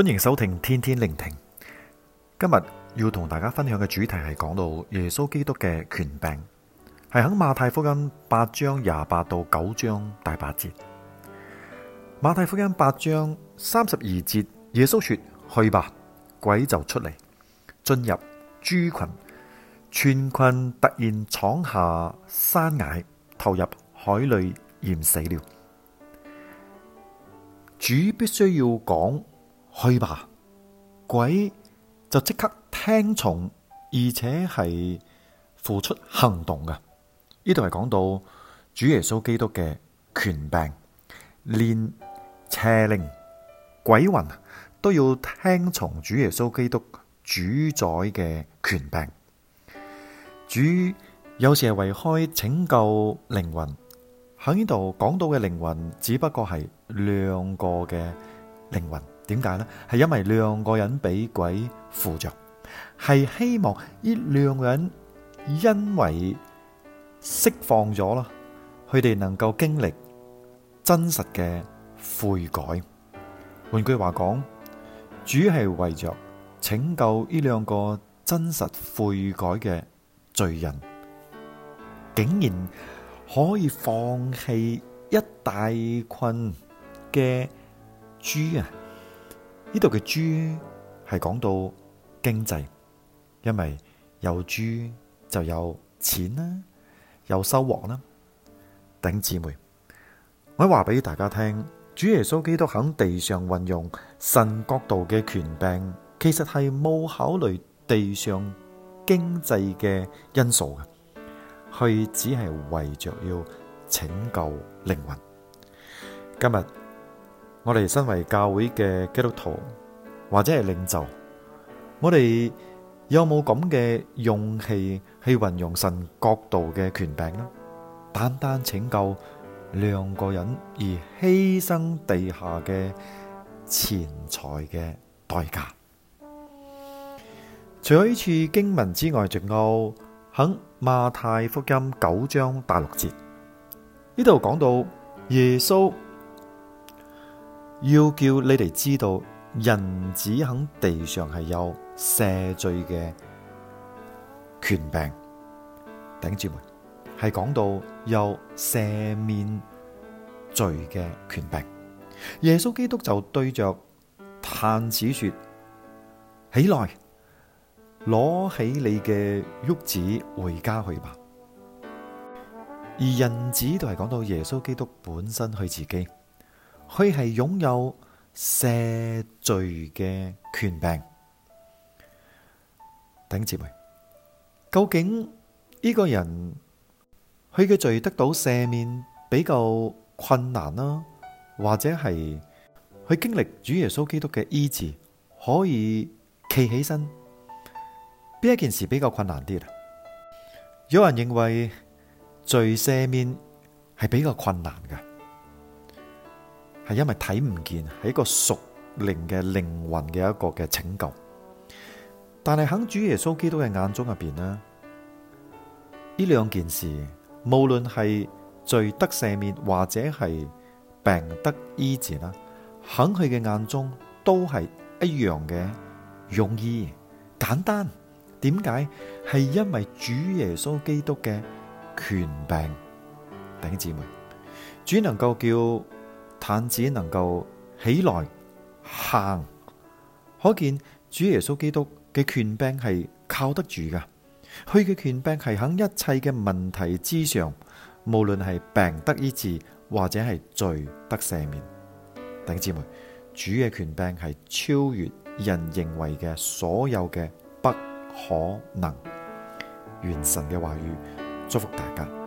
歡迎收聽天天聆聽。今日要同大家分享嘅主題係講到耶穌基督嘅權柄，係喺馬太福音八章廿八到九章第八節。馬太福音八章三十二節，耶穌說：去吧，鬼就出嚟，進入豬群，全群突然闖下山崖，投入海裏淹死了。主必須要講。去吧，鬼就即刻聽從，而且係付出行動嘅。呢度係講到主耶穌基督嘅權柄，連邪靈、鬼魂都要聽從主耶穌基督主宰嘅權柄。主有時係為開拯救靈魂，喺呢度講到嘅靈魂只不過係兩個嘅靈魂。點解呢？係因為兩個人俾鬼附着，係希望呢兩個人因為釋放咗啦，佢哋能夠經歷真實嘅悔改。換句話講，主係為着拯救呢兩個真實悔改嘅罪人，竟然可以放棄一大群嘅豬啊！呢度嘅豬係講到經濟，因為有豬就有錢啦，有收穫啦。弟兄姊妹，我話俾大家聽，主耶穌基督喺地上運用神國度嘅權柄，其實係冇考慮地上經濟嘅因素嘅，佢只係為着要拯救靈魂。今日。我哋身為教會嘅基督徒或者係領袖，我哋有冇咁嘅勇氣去運用神國度嘅權柄呢？單單拯救兩個人而犧牲地下嘅錢財嘅代價。除咗呢次經文之外，仲有喺馬太福音九章第六節呢度講到耶穌。要叫你哋知道，人子喺地上係有赦罪嘅權柄。頂住門係講到有赦免罪嘅權柄，耶穌基督就對着癱子說：起來，攞起你嘅褥子回家去吧。而人子就係講到耶穌基督本身佢自己。佢係擁有赦罪嘅權柄，弟兄姊妹，究竟呢個人佢嘅罪得到赦免比較困難啦，或者係佢經歷主耶穌基督嘅醫治可以企起身，邊一件事比較困難啲啦？有人認為罪赦免係比較困難嘅。係因為睇唔見，係一個屬靈嘅靈魂嘅一個嘅拯救，但係喺主耶穌基督嘅眼中入邊呢，呢兩件事無論係罪得赦免或者係病得醫治啦，喺佢嘅眼中都係一樣嘅容易簡單。點解？係因為主耶穌基督嘅權柄，弟兄姊妹，主能夠叫。癱子能夠起來行，可見主耶穌基督嘅權柄係靠得住噶。佢嘅權柄係喺一切嘅問題之上，無論係病得醫治或者係罪得赦免。弟兄姊妹，主嘅權柄係超越人認為嘅所有嘅不可能。願神嘅話語祝福大家。